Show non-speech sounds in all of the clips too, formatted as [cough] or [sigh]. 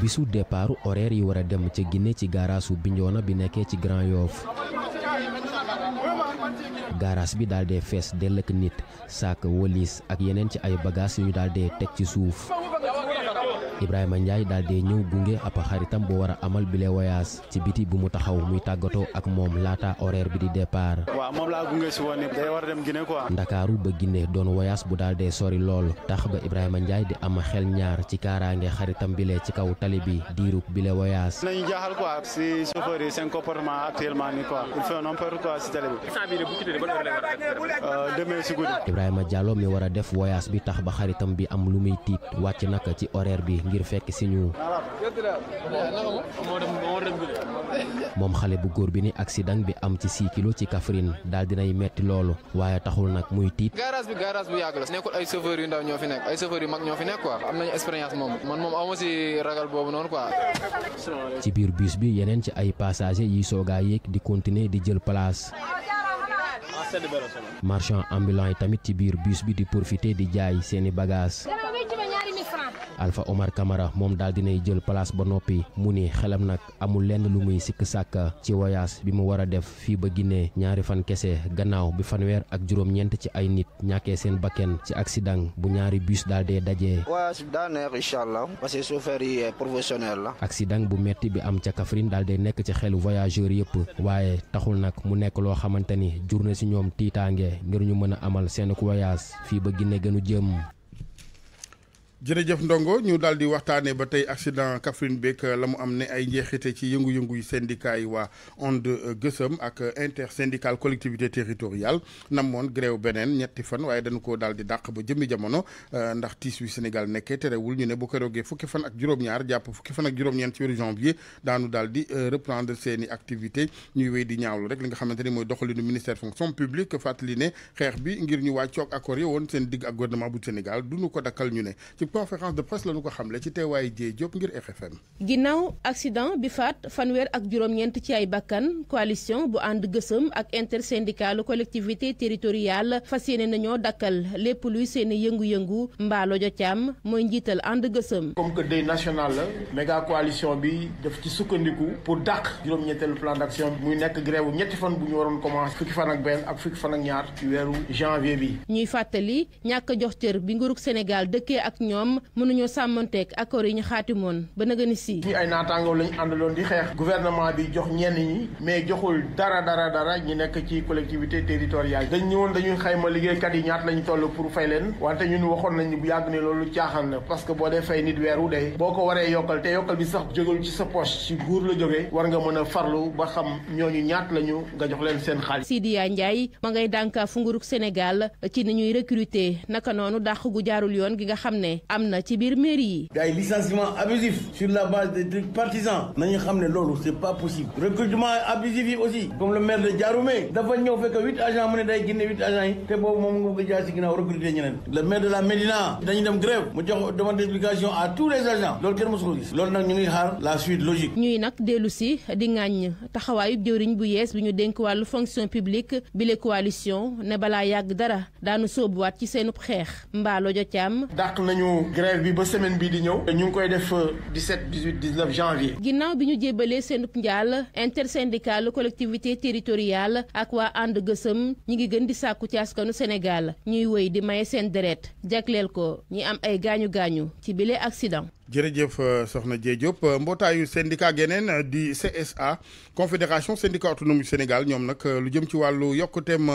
bisu départu oreer yi war a dem ca Guinée ci gaaraasu Bignona bi nekkee ci Grand Yoff gaaraas bi daal fees dell ak nit saak walis ak yeneen ci ay bagages yu ñu daal dee teg ci suuf Ibrahima Ndiaye daal dee ñëw gunge ab xaritam bu war a amal bile voyage ci biti bu mu taxaw muy tàggatoo ak moom laata horaire bi di départ. waaw moom laa gunge si woon day war a dem Guinée quoi. Ndakaaru ba Guinée doon voyage bu daal dee sori lool tax ba Ibrahima Ndiaye di ama xel ñaar ci kaaraange xaritam bile ci kaw tali bi diirub bile nañu jaaxal quoi si chauffeur yi seen comportement actuellement nii quoi il fait n'importe quoi si tali bi. Euh, demee si guddi. mi war a def voyage bi tax ba xaritam bi am wàcc naka ci horaire bi. ngir fekk siñu moom xale bu góor bi ni accident bi am ci 6 ci kafrin daal dinay metti loolu waaye taxul nag muy tiit. garage bi garage bu yàgg la nekkul ay chauffeur yu ndaw ñoo fi nekk ay chauffeur yu mag ñoo fi nekk quoi am nañu expérience moom man moom awma si ragal boobu noonu quoi. ci biir bus bi yeneen ci ay passage yiy soogaa yéeg di continuer di jël place. marchand ambulant yi tamit ci biir bus bi di profiter di jaay seeni bagaas Alpha Omar Camara moom daal dinay jël place ba noppi mu ni xelam nag amul lenn lu muy sikk sàkk ci voyage bi mu war a def fii ba Guinée ñaari fan kese gannaaw bi fanweer ak juróom-ñeent ci ay nit ñàkkee seen bakken ci accident bu ñaari bus daal daje dajee. voyage bi daa neex allah parce que chauffeur yi professionnel la. accident bu metti bi am ca Kaffrine daal nekk ci xelu voyageurs yëpp waaye taxul nag mu nekk loo xamante ni jur na si ñoom tiitaange ngir ñu mën a amal seen voyage fii ba Guinée gënu jëm. jërëjëf ndongo ñu daal di waxtaanee ba tey accident Kaffrine beeg la mu am ne ay njeexite ci yëngu-yëngu yu yi waa Onde Gësëm ak intersyndical collectivité territoriale moon grève beneen ñetti fan waaye dañu ko daal di dàq ba jëmmi jamono euh, ndax tiis wi Sénégal nekkee terewul ñu ne bu keroogee fukki fan ak juróom-ñaar jàpp fukki fan ak juróom-ñeent ci weeru janvier daanu daal euh, reprendre seen activité ñuy wéy di ñaawlu rek li nga xamante ni mooy doxalinu ministère fonction publique fàttali ne xeex bi ngir ñu wàccoog accord yi woon seen digg ak gouvernement bu Sénégal duñu ko dakkal ñu ne conférence de presse la ko xamle ci teewaayu Dieye Diop ngir RFM. ginnaaw accident bi faat fanweer ak juróom-ñeent ci ay bakkan coalition bu ànd gësëm ak intersyndicale collectivité territoriale fas yéene nañoo dakkal lépp luy seen yëngu-yëngu mbaalo jo caam mooy njiital ànd gësëm. comme que day national la méga bi daf ci sukkandiku pour dàq juróom-ñetteelu plan d'action muy nekk grève ñetti fan bu ñu waroon commencé fukki fan ak benn fan ak ñaar ci weeru janvier ñoom mënuñoo sàmmanteeg accord yi ñu xaatimoon ba nagani sii. ñi ay naataangoo lañ àndaloon di xeex gouvernement bi jox ñenn ñi mais joxul dara dara dara ñi nekk ci collectivité territoriale dañ ñëwoon dañuy xayma liggéeykat yi ñaat lañ toll pour fay leen wante ñun waxoon nañ bu yàgg ne loolu caaxaan la parce que boo dee fay nit weer wu dee boo ko waree yokkal te yokkal bi sax jógul ci sa poche ci nguur la jógee war nga mën a farlu ba xam ñooñu ñaat lañu nga jox leen seen xaalis. Sidiya Ndiaye ma ngay dànkaafu nguurug Sénégal ci ni ñuy recruter naka noonu dàq gu jaarul yoon gi nga xam ne am na ci biir mairie yi. ay licenciement abusif sur la base des trucs partisans nañu xam ne loolu c'est pas possible recrutement abusif yi aussi comme le maire de Diaroumé dafa ñëw fekk huit agents mu ne day génne huit agents yi te boobu moom nga jaar si ginnaaw recruter ñeneen le maire de la Médina dañu dem grève mu jox demande d'explication à tous les agents loolu kenn mosu ko gis loolu nag ñu ngi xaar la suite logique. ñuy nag dellu si di ŋàññ taxawaayu jëwriñ bu yees bi ñu dénk wàllu fonction publique bi la coalition ne balaa yàgg dara daanu sóobuwaat ci seenub xeex Mballo Dia Thiam. dàq nañu grève bi ba semaine bii di ñëw ñu ngi koy def euh, janvier. ginnaaw bi ñu jébbalee seenub njaal intersyndical collectivité territoriale ak waa ànd gësëm ñi ngi gën di sàkku ci askanu Sénégal ñuy wéy di maye seen deret jagleel ko ñi am ay gaañu gaañu ci bile accident. jërëjëf euh, soxna Dieng Diop euh, mbootaayu syndicat geneen euh, di CSA confédération syndicat autonome du Sénégal ñoom nag lu jëm ci wàllu yokkuteem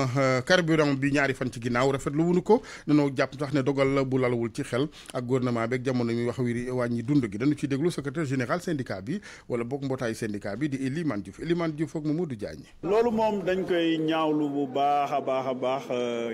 carburant bi ñaari fan ci ginnaaw rafetlu wuñu ko danoo jàpp sax ne dogal la bu lalawul ci xel ak gouvernement beeg jamono mi wax wiri wàññi dund gi dañu ciy déglu secrétaire général syndicat bi wala boog mbootaayu syndicat bi di Elimane Diouf Elimane Diouf ak Mamadou Diagne. loolu moom dañ koy ñaawlu bu baax a baax a baax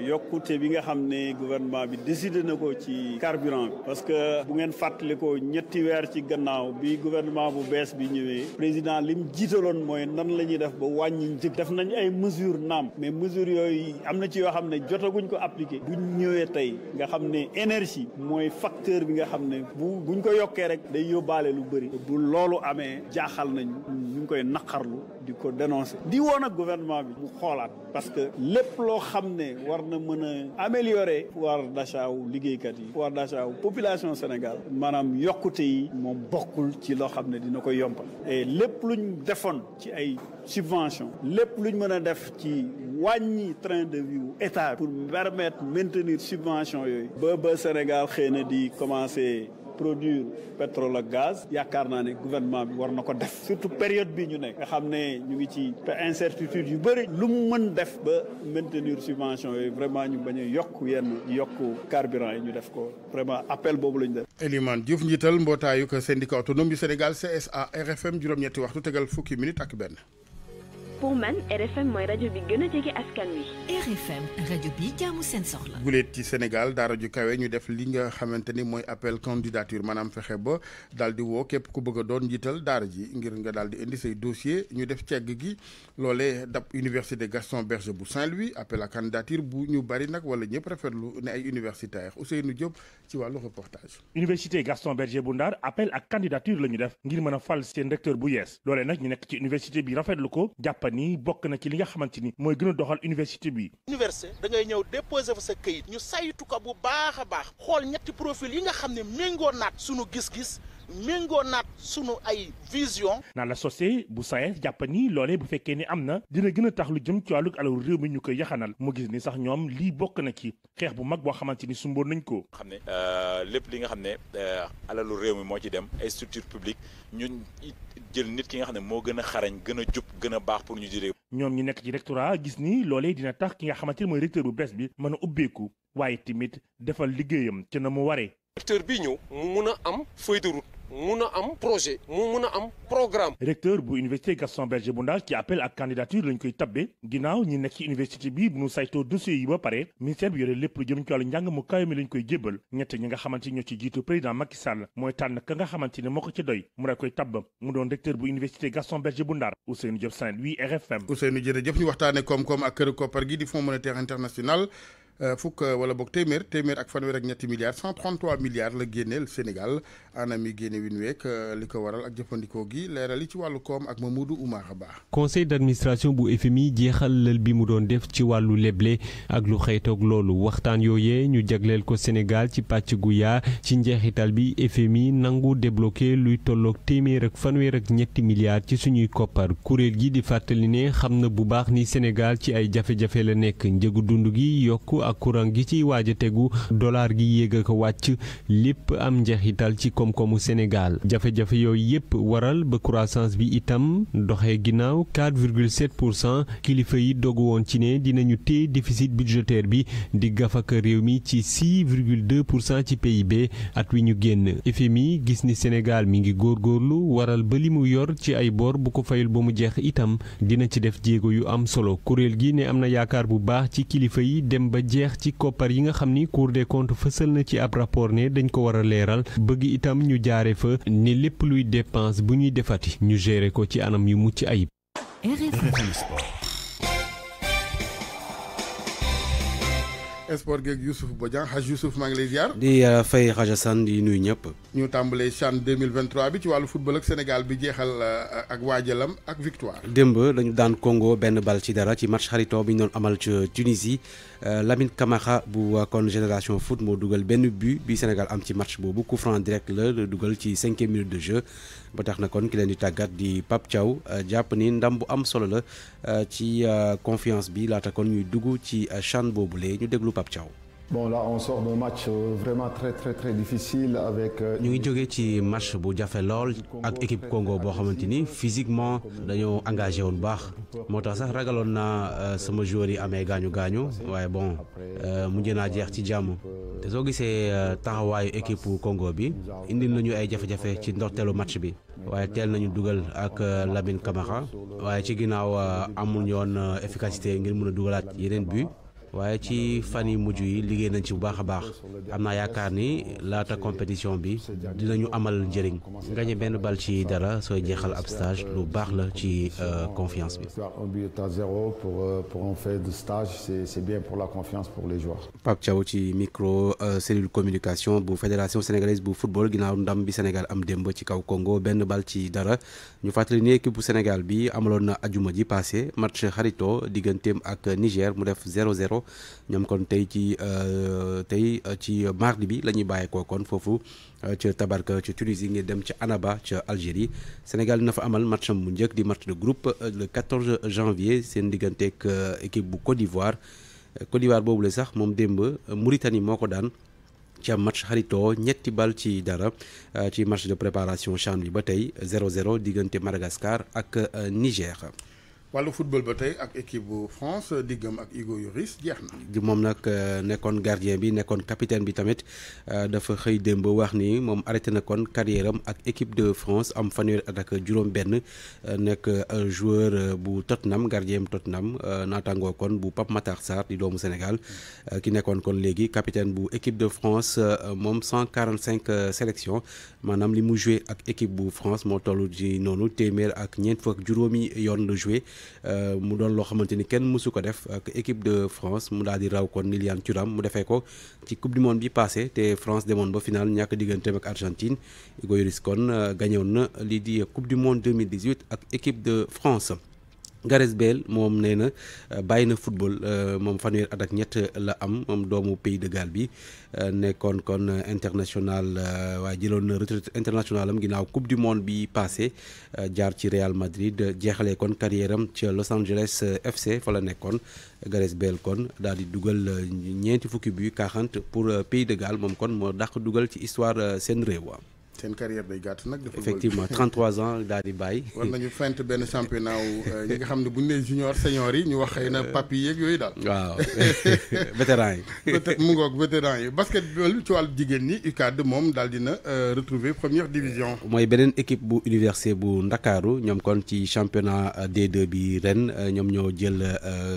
yokkute bi nga xam ne gouvernement bi décidé na ko ci carburant bi parce que bu ngeen fàttalikoo ñetti weer ci gannaaw bi gouvernement bu bees bi ñëwee président lim jiitaloon mooy nan la ñuy def ba wàññi njëg def nañ ay mesures naam mais mesures yooyu am na ci yoo xam ne jotaguñ ko appliqué buñ ñëwee tey nga xam ne énergie mooy facteur bi nga xam ne bu buñ ko yokkee rek day yóbbaale lu bëri bu loolu amee jaaxal nañ ñu koy naqarlu di ko dénoncer di woon ak gouvernement bi mu xoolaat parce que lépp loo xam ne war na mën a améliorer pouvoir d'achat wu liggéeykat yi pouvoir d'achat population Sénégal yokkute yi moom bokkul ci loo xam ne dina ko yombal e lépp luñ defoon ci ay subvention lépp luñ mën a def ci wàññi train de vie wu état pour permettre maintenir subvention yooyu ba ba Sénégal xëy na di commencer produire pétrole ak gaz yaakaar naa ne gouvernement bi war na ko def surtout période bi ñu ne nga xam ne ñu ngi ci incertitude yu bëri lu mu mën def ba maintenir subvention yooyu vraiment ñu bañ a yokk yenn yokk carburant yi ñu def ko vraiment appel boobu la ñu def. Elimane Diouf njiital mbootaayu syndicat autonome du Sénégal CSA RFM juróom-ñetti waxtu tegal fukki minutes ak benn. pour man RFM mooy rajo bi gën a jege askan wi. RFM rajo bi jaamu seen soxla. guleet ci Sénégal daara ju kawee ñu def li nga xamante ni mooy appel candidature maanaam fexe ba daal di woo képp ku bëgg a doon njiital daara ji ngir nga daal di indi say dossier ñu def cegg gi loole dab université Gaston Berger bu Saint-Louis appel à candidature bu ñu bari nag wala ñëpp lu ne ay universitaire Ousseynou Diop ci wàllu reportage. université Gaston Berger bu Ndar appel à la ñu def ngir mën fal bu yees jàppa ni bokk na ci li nga xamante ni mooy gën a doxal université bii université dangay ñëw déposé fa sa këyit ñu saytu ko bu baax a baax xool ñetti profil yi nga xam ne méngoo naat sunu gis-gis méngoo naat sunu ay vision na la sosé bu SAES jàpp ni loolee bu fekkee ni am na dina gën a tax lu jëm ci wàllu alalu réew mi ñu koy yaxanal mu gis ni sax ñoom lii bokk na ci xeex bu mag boo xamante ni sumboon nañ ko. xam ne euh, lépp li nga xam ne euh, alalu réew mi moo ci dem ay structure publique ñun jël nit ki nga xam ne moo gën a xarañ gën a jub gën a baax pour ñu jëlee. ñoom ñi nekk ci rectorat gis ni loolee dina tax ki nga xamante ni mooy recteur bu bees bi mën a ubbeeku waaye tamit defal liggéeyam ci na mu waree. recteur bi ñëw mu mun a mun a am projet mu mun a am programme. recteur bu université Gaston Berger bu Ndar ci appel ak candidature lañ koy tabbe ginnaaw ñi nekk ci université bi bu ñu saytoo yi ba pare ministère bi yore lépp lu jëm ci wàllu njàng mu kawe mi lañ koy jébbal ñett ñi nga xamante ñoo ci jiitu président Macky Sall mooy tànn ka nga xamante ne moo ko ci doy mu rek koy tabb mu doon recteur bu université Gaston Berger bu Ndar Ousseynou Diop Saint-Louis RFM. Ousseynou jërëjëf ñu waxtaanee koom-koom ak kër koppar gi di Fonds monétaire international. Euh, fukk euh, wala boog téeméer téeméer ak fanweer ak ñetti milliards 133 milliards la génneel Sénégal anam yi génne win week euh, li ko waral ak jëfandikoo gi leeral ci wàllu koom ak Mamadou Oumar Ba. conseil d'administration bu FMI jeexal lël bi mu doon def ci wàllu leble ak lu xëytoog loolu waxtaan yooye ñu jagleel ko Sénégal ci pàcc gu yaa ci njeexital bi FMI nangu débloqué luy tolloog téeméer ak fanweer ak ñetti milliards ci suñuy koppar kuréel gi di fàttali ne xam na bu baax ni Sénégal ci ay jafe-jafe la nekk njëgu dund gi yokk ak courant gi ci waaj a tegu dollar gi yéeg a ko wàcc lépp am njeexital ci koom-koomu Sénégal jafe-jafe yooyu yépp waral ba croissance bi itam doxe ginnaaw 4,7 pour cent kilifa yi dogu woon ci ne dinañu téye déficit budgétaire bi di gafaka réew mi ci 6,2 pour cent ci PIB at wi ñu génn FMI gis ni Sénégal mi ngi góor góorgóorlu waral ba li mu yor ci ay bor bu ko fayul ba mu jeex itam dina ci def jéego yu am solo kuréel gi ne am na yaakaar bu baax ci kilifa yi dem ba jeex ci koppar yi nga xam ni Cour des comptes fësal na ci ab rapport ne dañ ko war a leeral bëgg itam ñu jaare fa ni lépp luy dépense bu ñuy defati ñu gérer ko ci anam yu mucc ayib. sport geeg Youssouf Bodian Hadj Youssouf maa ngi lay ziar. di euh, fay Hadj Assane di nuyu ñëpp. ñu tàmbalee CHAN 2023 bi ci wàllu football ak Sénégal bi jeexal euh, ak waajalam ak victoire. démb lañu daan Congo benn bal ci dara ci match xaritoo bi ñu doon amal ci Tunisie euh, Lamine kamaxa bu kon génération foot moo dugal benn but bi Sénégal am ci match boobu coup franc direct la dugal ci cinquième minute de jeu. ba tax na kon ki leen di tàggat di Pape Thiaw euh, jàpp ni ndam bu am solo la euh, ci euh, confiance bi laata kon ñuy dugg ci CHAN lee ñu déglu Pape Thiaw. bon là on sort euh, euh, ñu ngi jógee ci match bu jafe lool ak équipe kongo boo xamante ni physiquement dañoo engagé woon baax moo tax sax ragaloon na euh, sama joueur yi amee gaañu gaañu waaye bon mujj naa jeex ci jàmm te soo gisee taxawaayu équipe Congo bi indil nañu ay jafe-jafe ci ndorteelu match bi waaye teel nañu dugal ak Lamine Camara waaye ci ginnaaw amul yoon efficacité ngir mën a dugalaat yeneen but. waaye ci fan yi mujj yi liggéey nañ ci bu baax a baax am naa yaakaar ni laata compétition bi dina ñu amal njëriñ nga ñe benn bal ci dara sooy jeexal ab stage lu baax la ci euh, confiance bi. Euh, c'est bien pour la confiance pour les joueurs. Pape Thiaw ci micro euh, cellule communication bu fédération sénégalaise bu football ginnaaw ndam bi Sénégal am démb ci kaw Congo benn bal ci dara ñu fàttali ni équipe bu Sénégal bi amaloon na ajuma ji passé match xarito digganteem ak Niger mu def 0-0. ñoom kon tey ci euh, tey euh, ci mardi bi la ñuy bàyyeekoo kon foofu euh, ca Tabarka ca Tunisie nga dem ca Annaba ca Algérie Sénégal dina fa amal matcham bu njëkk di match de groupe le 14 janvier seen digganteeg équipe bu Côte d'Ivoire Côte d'Ivoire boobu la sax moom démb Mauritanie moo ko daan. ci match xaritoo ñetti bal ci dara ci match de préparation CHAN bi ba tey 0-0 diggante Madagascar ak Niger. wàllu football ba tey ak équipe bu France diggam ak Hugo Lloris jeex na. moom nag euh, nekkoon gardien bi nekkoon capitaine bi tamit euh, dafa xëy démb wax ni moom arrêté na kon carrière ak équipe de France am fanweeri at ak juróom-benn euh, nekk joueur bu Tottenham gardien bu Tottenham naataangoo kon bu Pape Matar Sarr di doomu Sénégal ki nekkoon kon léegi capitaine bu équipe de France moom cent cinq sélections maanaam li mu joué ak équipe bu France moo toll ci noonu téeméer ak ñeent juróomi yoon la joué. Euh, mu doon loo xamante ni kenn mësu ko def ak équipe de France mu daal di raw kon Liliane Thuram mu defee ko ci coupe du monde bi passé te France demoon ba final ñàkk digganteem ak Argentine Hugo Lloris kon euh, gañoon na lii di coupe du monde 2018 ak équipe de France. Gareth Bale moom nee na euh, bàyyi na football euh, moom fanweer at ak ñett la am moom doomu pays de Galles bi euh, nekkoon kon international waaye jëloon na retraite international am ginnaaw coupe du monde bi passé jaar ci Real Madrid jeexalee kon carrière am ca Los Angeles FC fa la nekkoon Gareth Bale kon daal di dugal ñeenti fukki bu 40 pour pays de Galles moom kon moo dax dugal ci histoire seen réew seen carrière day gàtt nag. effectivement 33 ans daal di bàyyi. [laughs] war nañu fent benn championnat euh, ñi nga xam ne bu ñu nee junior senior yi ñu wax xëy na papi yeeg yooyu daal. waaw [laughs] vétéran yi. [laughs] mu ngoog vétéran yi basketball ci wàllu jigéen ñi UCAD moom daal dina euh, retrouver première division. Euh, mooy beneen équipe bu université bu Ndakaaru ñoom kon ci championnat D2 bi ren ñoom ñoo jël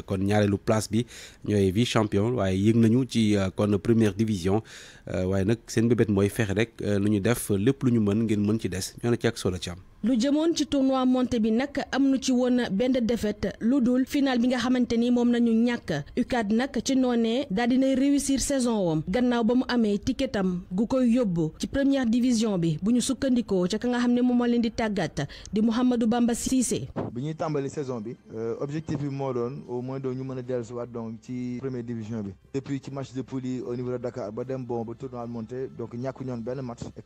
kon ñaareelu place bi ñooy vice champion waaye yëg nañu ci kon première division waaye nag seen bébét mooy fexe rek lu ñu lépp lu ñu mën ngeen mën ci des ñoo ne ci ak am lu jëmoon ci tournoi monté bi nag am nu ci woon benn défaite lu dul final bi nga xamante ni moom nañu ñàkk UCAD nag ci noonee daal dinay réussir saison wam gannaaw ba mu amee tikketam gu koy yóbbu ci première division bi bu ñu sukkandikoo ca ka nga xam ne moom moo leen di tàggat di Mouhamadou Bamba Cissé. bi ñuy tàmbali saison bi euh, objectif bi moo doon au moins doon ñu mën a dellusiwaat donc ci première division bi depuis ci match de poule yi au niveau de Dakar ñoon benn match et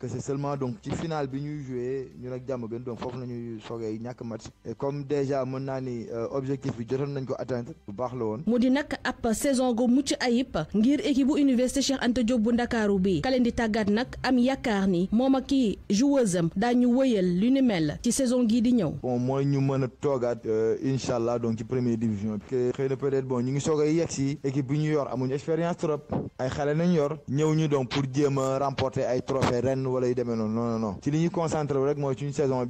donc ci final bi ñuy joué ñun ak donc foofu la ñuy soogee ñàkk match et comme déjà mën naa ni euh, objectif bi jotoon nañ ko atteindre bu baax la woon. mu di nag ab saison gu mucc ayib ngir équipe bu université Cheikh Anta Diop bu ndakaaru bi ka leen di tàggat nag am yaakaar ni moom ak kii joueuse am daañu wëyal lu ni mel ci saison gii di ñëw. bon mooy ñu mën a toogaat euh, incha allah donc ci première division bi. xëy na peut-être bon ñu ngi soog a si équipe bi ñu yor amuñu expérience trop ay xale nañ yor ñëw ñu donc pour jéem a remporter ay trophées ren wala yu demee noonu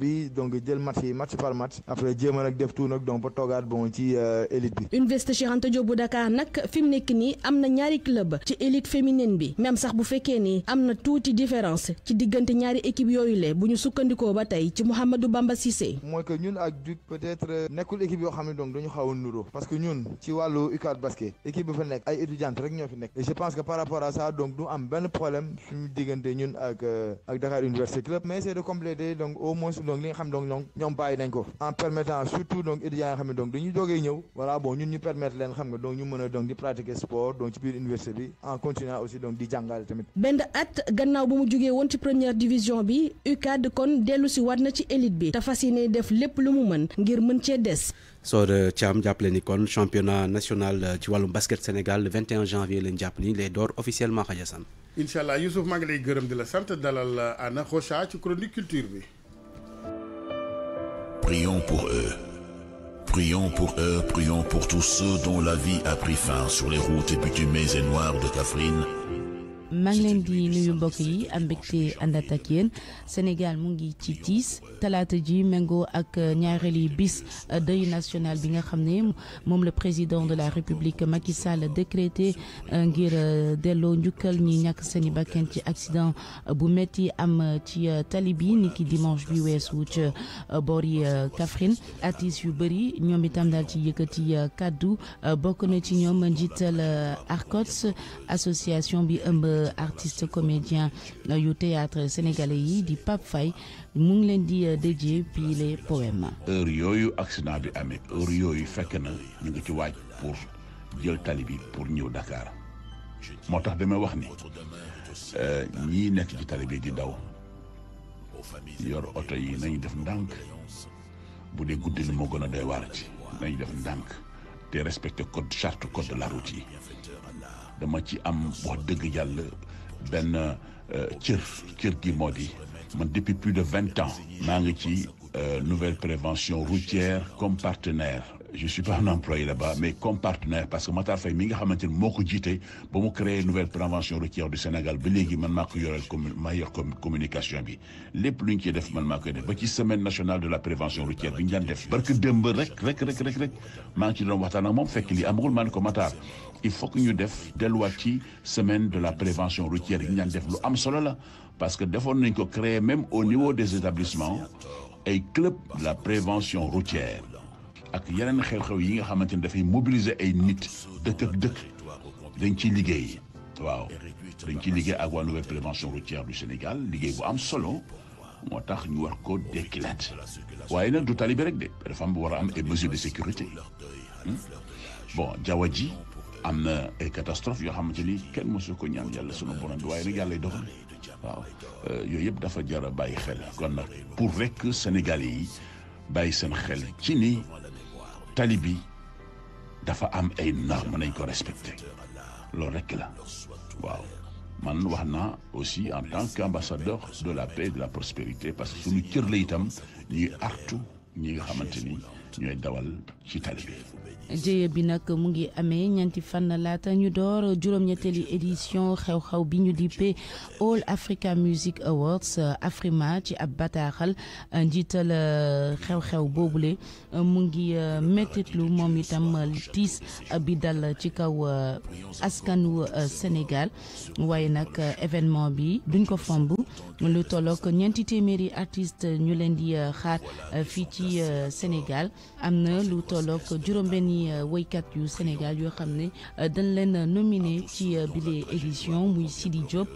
bi donc jël match yi match par match après jéem a nag def tout nag donc ba toogaat bon ci euh, élite bi. Université Cheikh Anta bu Dakar nag fi nekk nii am na ñaari club ci élite féminine bi même sax bu fekkee ni am na tuuti différence ci diggante ñaari équipe yooyu le bu ñu sukkandikoo ba tey ci Mouhamadou Bamba Cissé. mooy que ñun ak Duc peut-être euh, nekkul équipe yoo xam ne donc dañu xaw a nuroo parce que ñun ci wàllu UCAD basket équipe bi fa nekk ay donc li nga xam donc donc ñoom bàyyi nañ ko en permettant surtout donc étudiants nga xam ne donc dañuy jógee ñëw voilà bon ñun ñu permettre leen xam nga donc ñu mën a donc di pratiquer sport donc ci biir université bi en continuant aussi donc di jàngale tamit. benn at gannaaw ba mu jógee woon première division bi UCAD kon dellu si waat na ci élite bi te fas yéene def lépp lu mu mën ngir mën cee des. Soor euh, jàpp jàppale ni kon championnat national euh, ci wàllum basket Sénégal le 21 janvier lañ jàpp ni lay door officiellement Hadja Sane. incha allah Youssouf maa ngi lay gërëm di la sant euh, bi. prions pour eux. Prions pour eux, prions pour tous ceux dont la vie a pris fin sur les routes bitumées et noires de Kafrine, maa leen di nuyu mbokk yi am mbégte àndaat ak Sénégal mu ngi ci tiis talaata ji méngoo ak euh, ñaareeli bis euh, deuil national bi nga xam ne moom le président de la République Macky Sall décrété euh, ngir delloo njukkal ñi ñàkk seeni bakkan ci accident bu metti am ci tali bi niki dimanche bi weesu ci boori Kaffrine artistes yu bëri ñoom itam daal ci yëkkati kàddu bokk na ci ñoom njiital ARCOTS association bi ëmb artiste comédien euh, yu théâtre sénégalais yi di Pape Faye mu ngi leen di euh, dédié puis les poèmes. heure yooyu accident bi amee heure yooyu fekk na ñu ngi ci waaj pour jël tali bi pour ñëw Dakar moo tax damay wax ni euh, ñii nekk ci tali bi di daw yor oto yi nañu def ndànk bu dee guddi li moo gën a doy waar ci nañu def ndànk te respecte code charte code la route yi. dama ci am wax dëgg yàlla benn euh, cër cër gi moo di ma depuis plus de vingt ans maa ngi ci euh, nouvelle prévention routière comme partenaire je suis pas un employé là-bas mais comme partenaire parce que Matar Faye mi nga xamante ni moo ko jiite ba mu créé nouvelle convention routière du Sénégal ba léegi man maa ko yoreel maa yor communication bi lépp lu ñu ciy def man maa koy def ba ci semaine nationale de la prévention routière bi ñu daan def barke démb rek rek rek rek rek maa ngi ci doon waxtaan ak moom fekk lii amagul maa ne ko Matar il faut que ñu def delluwaat ci semaine de la prévention routière yi ñu daan def lu am solo la parce que defoon nañ ko créer même au niveau des établissements ay club de la prévention routière ak yeneen xew-xew yi nga xamante ni dafay mobiliser ay nit dëkk ak dëkk dañ ciy liggéey waaw dañ ciy liggéey ak waa nouvelle prévention routière du Sénégal liggéey bu am solo moo tax ñu war ko dekkilaat waaye nag du tali bi rek de dafa am war a am ay mesures de sécurité hmm? bon jaww ji am na ay catastrophe yoo xamante ni kenn mosu ko ñaan yàlla sunu borom bi waaye nag yàlla doxal waaw euh, yooyu yëpp dafa jar a bàyyi xel kon nag pour rek Sénégalais yi bàyyi seen xel ci ni tali bi dafa am ay normes nañ ko respecté loolu rekk la waaw man wax naa aussi en tant qu'ambassadeur de la paix et de la prospérité parce que suñu cër la itam ñuy artu ñi nga xamante ni ñooy dawal ci bi. jëye nag mu ngi amee ñeenti fan laata ñu door juróom-ñetteeli édition xew-xew bi ñu dippee All Africa Music Awards Afrima ci ab bataaxal njiital euh, xew-xew boobule mu ngi euh, mettitlu moom itam tiis bi dal ci kaw euh, askanu Sénégal waaye nag événement bi duñ ko fomb lu tollook ñeenti téeméeri artiste ñu leen di xaar fii ci Sénégal am na lu tolloog juróom-benni euh, woykat yu Sénégal yoo xam ne euh, dañ leen euh, nominé ci bile édition muy Sidi Diop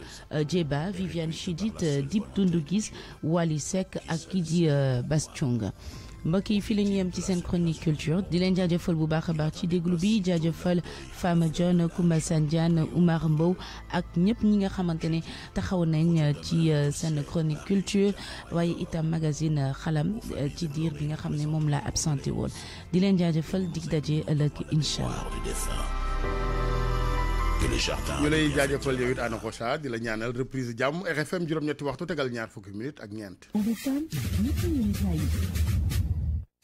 Djeba Viviane Chidid Dip Doundou Guiss Wally Seck ak kii di Bass mbokk yi fii la yem ci seen chronique culture di leen jaajëfal bu baax a baax ci déglu bi jaajëfal Fama John Koumba Sandiane Oumar Mbow ak ñépp ñi nga xamante ne taxaw nañ euh, ci euh, seen chronique culture waaye itam magazine euh, xalam ci diir bi nga xam ne moom la absenté woon di leen jaajëfal dig daje ëllëg incha allah. ñu lay jaajëfal yow it di la ñaanal reprise jàmm RFM juróom-ñetti waxtu tegal ñaar fukki minutes ak ñeent.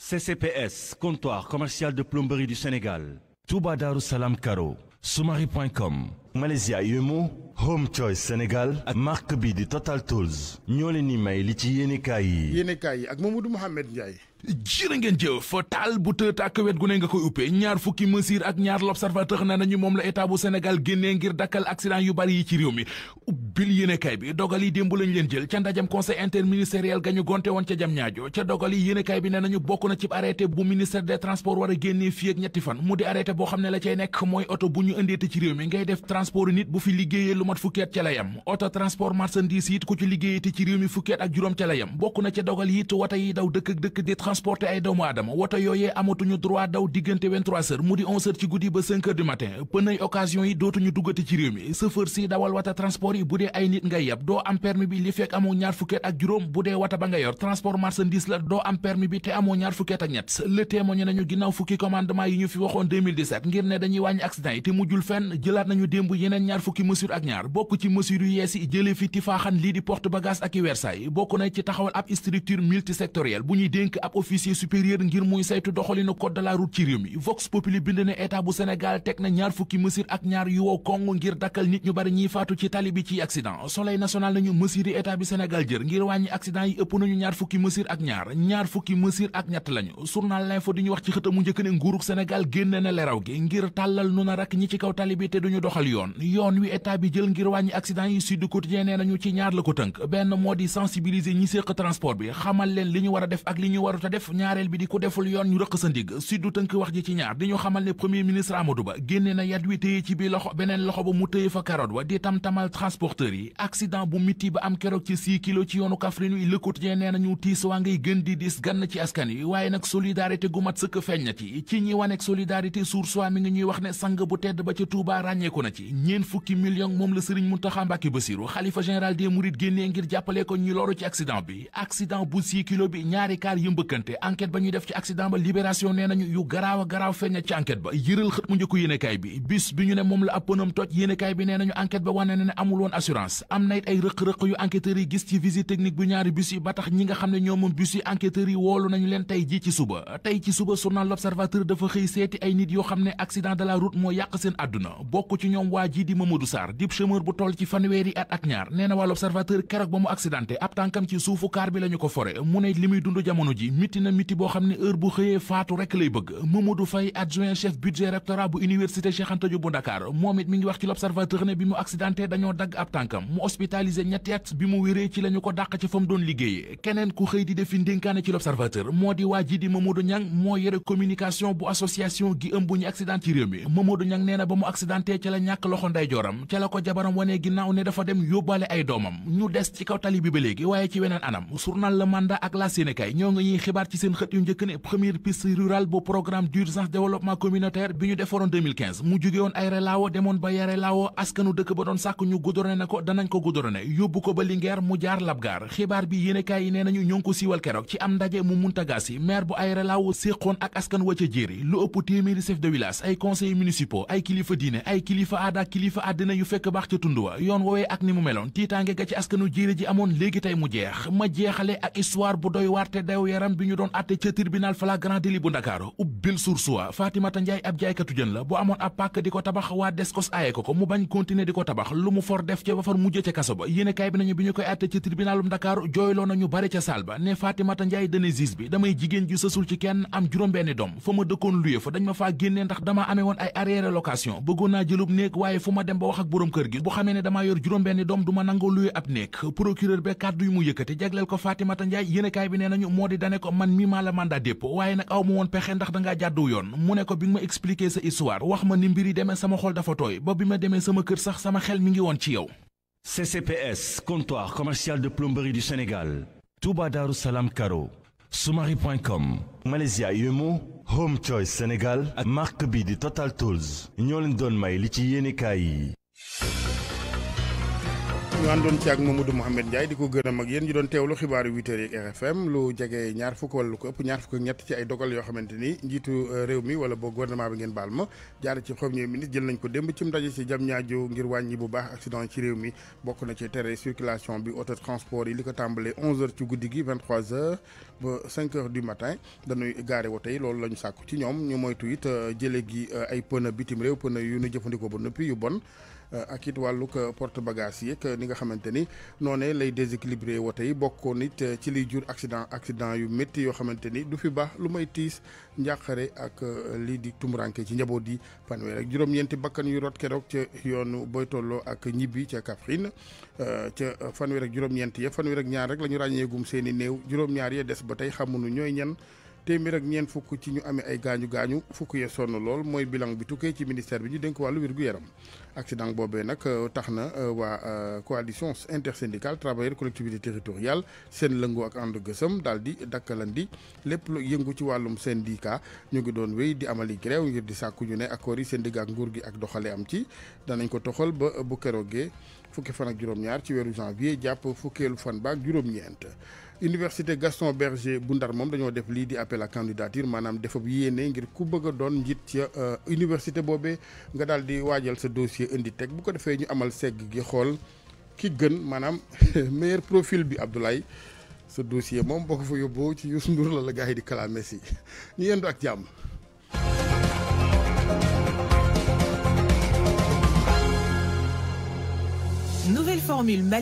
CCPS comptoir commercial de plomberie du Sénégal Touba Darou Salam Karo Soumari.com Malaysia UMO Home Choice Sénégal ak marque bi di Total Tools ñoo leen ni may li ci yéenekaay yi yéenekaay yi ak Mamadou Mouhamed Ndiaye jërë ngeen jëf taal bu tëët ak wet gu ne nga koy uppee ñaar fukki mesure ak ñaar l'observateur ne nañu moom la état bu Sénégal ngir dakkal accident yu bari yi ci réew mi ubbil yéenekaay bi dogal yi démb lañ leen jël ca ndajam conseil interministériel ga ñu gonte woon ca jam ñaajo ca dogal yi yéenekaay bi ne nañu bokk na ci arrêté bu ministère des transports war a génnee fii ñetti fan mu di arrêté boo xam ne la cay nekk mooy oto bu ñu indeete ci transporter ay doomu aadama woto yooyee amatuñu droit daw diggante 23 heures mu di 11 heures ci guddi ba 5 heures du matin pënay occasion yi dootuñu duggati ci réew mi chauffeur si dawal wata transport yi bu dee ay nit nga yeb doo am permis bi li fekk amoo ñaar fukkeet ak juróom bu dee wata ba nga yor transport marchandise la doo am permis bi te amoo ñaar fukkeet ak ñett le témoigné nañu ginnaaw fukki commandement yi ñu fi waxoon ngir ne dañuy wàññi accident yi te mujjul officier supérieur ngir muy saytu doxalinu code de ci réew mi vox populi bind na état bu sénégal teg na ñaar fukki mesure ak ñaar yu wow kong ngir dakkal nit ñu bari ñiy faatu ci tali bi ci accident soleil national nañu mesure yi bi sénégal jër ngir wàññi accident yi ëpp nañu ñaar fukki mesure ak ñaar ñaar fukki mesure ak ñett lañu journal l'info di ñu wax ci xëtamu njëkk ne nguurug sénégal génne na leraw gi ngir tàllal nu na rak ñi ci kaw a def ñaareel bi di ku deful yoon ñu rëq sa ndigg suddu tënk wax ji ci ñaar di xamal ne premier ministre Amadou Ba génne na yat wi téye ci bi beneen loxo ba mu téye fa carotte wa di tam-tamal transporteur yi accident bu mitti ba am keroog ci 6 kilo ci yoonu Kaffrine yi Le Quotidien nee nañu tiis waa ngay gën di dis gann ci askan yi waaye nag solidarité gu mat sëkk feeñ na ci ci ñi wanek solidarité source mi ngi ñuy wax ne sang bu tedd ba ca Touba ràññeeku na ci ñeen fukki million moom la Serigne Mountakha Mbacké Bassirou xalifa général génnee ngir jàppale ko ñi loru ci accident bi accident bu 6 kilo bi ñaari kaar yëmbëkk njëkkante enquête ba ñuy def ci accident ba libération nee nañu yu garaaw garaaw feeña ci enquête ba yëral xët mu njëkko yéenekaay bi bis bi ñu ne moom la ab pënam toj yéenekaay bi nee nañu enquête ba wane na amul woon assurance am na ay rëq-rëq yu enquêteurs yi gis ci visite technique bu ñaari bus yi ba tax ñi nga xam ne ñoo moom yi enquêteurs yi woolu nañu leen tey ji ci suba tey ci suba journal l'Observateur dafa xëy seeti ay nit yoo xam ne accident de la miti na miti boo xam ne heure bu xëyee faatu rek lay bëgg Mamadou Faye adjoint mu mu hospitalisé ñetti at bi mu mu di defi moo di waa bu association gi ëmb ñu accident ci réew mi Mamadou Niang nee na ba mu accidenté ca la ñàkk loxo ndeyjooram ca la ko jabaram wanee ginnaaw ne dafa dem yóbbaale ay doomam ñu des ci kaw tali ba léegi waaye ci weneen anam journal Le Mandat ak la Sénégal xibaar bi ñu defaroon yi nee nañu ñoo ko siiwal keroog ci am ndaje mu muntagaas yi maire bu ay relaawo séqoon ak askan wa ca jéeri lu ëpp téeméeri chef de village ay conseillers municipaux ay kilifa diine ay kilifa aada kilifa àddina yu fekk baax ca tund wa yoon woowee ak ni mu meloon tiitaange ga ci askanu jéeri ji amoon léegi tey mu jeex ma jeexale ak histoire bu doy warte daw yaram bi ñu doon àtte ca tribunal flagrant délit bu ndakaaru ubbil sursuwa ne Fatimata Njaay dane gis bi damay jigéen ju sësul ci kenn am juróom-benni doom fa ma dëkkoon luye fa dañ ma faa génnee ndax damaa amee ay arrière location bëggoon naa jëlub néeg waaye fu ma dem ba wax ak borom kër gi bu xamee ne damaa yor juróom-benni doom du nangoo luye ab néeg procureur be kàddu yu mu yëkkati jagleel ko Fatimata Njaay yéene bi nee nañu moo di dane man mi maa la mandat dépôt waaye nag aw ma woon pexe ndax dangaa jàddu yoon mu ne ko bi nga ma expliqué sa histoire wax ma ni mbiri demee sama xol dafa tooy ba bi ma demee sama kër sax sama xel mi ngi woon ci yow CCPS comptoir commercial de plomberie du Sénégal Touba daaru Salam Karo Soumari.com Malaysia Yomo Home Choice Sénégal ak marque bi di Total Tools ñoo leen doon may li ci yéenekaay yi ñu àndoon ci ak Mamadou Mouhamed Ndiaye di ko gërëm ak yéen ñu doon teewlu xibaaru 8h yeeg RFM lu jege ñaar fukk wala lu ko ëpp ñaar fukk ak ñett ci ay dogal yoo xamante ni njiitu euh, réew mi wala boog gouvernement bi ngeen baal ma jaar ci premier ministre jël nañ ko démb cim ndaje ci jam ñaajo ngir wàññi bu baax accident ci réew mi bokk na ci tere circulation bi auto transport yi li ko tàmbalee 11h ci guddi gi 23h ba 5h du matin dañuy gaare loolu la ñu sàkku ci ñoom ñu moytu it euh, jële gi euh, ay pneu bitim réew pneu yu ñu jëfandikoo ba noppi yu bon Euh, ak it wàllug euh, porte bagage yeeg euh, ni nga xamante ni noonee lay déséquilibré wote yi bokkoon it ci liy jur accident accident yu métti yoo xamante ni du fi baax lu may tiis njàqare ak lii di tumuranke ci njaboot yi fanweer ak juróom bakkan yu keroog ca yoonu boytolloo ak ñibbi ca Kaffrine ca fanweer ak juróom-ñeent ya fanweer ak ñaar rek la ñu ràññeegum seeni néew juróom-ñaar ya des ba tey xamu xamuñu ñooy ñan téeméer ak ñeent fukk ci ñu amee ay gaañu gaañu fukk ya sonn lool mooy bilan bi tukkee ci ministère bi ñu dénk wàllu wér yaram accident boobee nag euh, tax na euh, waa euh, coalition intersyndicale travailleurs collectivités territoriales seen lëngu ak ànd gësëm daal di dakkalandi lépp lu yëngu ci wàllum seen syndicat ñu ngi doon wéy di amali grève ngir di sàkku ñu ne accord yi syndicat ak nguur gi ak doxale am ci danañ ko toxal ba bu keroogee fukki fan ak juróom-ñaar ci weeru janvier jàpp fukkeelu fan baak juróom-ñeent université Gaston Berger bu Ndar moom dañoo def lii di appel à candidature maanaam defab yéene ngir ku bëgg doon njiit ca université boobee nga cee indi teg bu ko defee ñu amal segg gi xool ki gën maanaam [laughs] meilleur profil bi Abdoulaye sa dossier moom boo ko fa yóbboo ci Youssou Ndour la la gars yi di kalaame si [laughs] ñu yendu ak jàmm. Nouvelle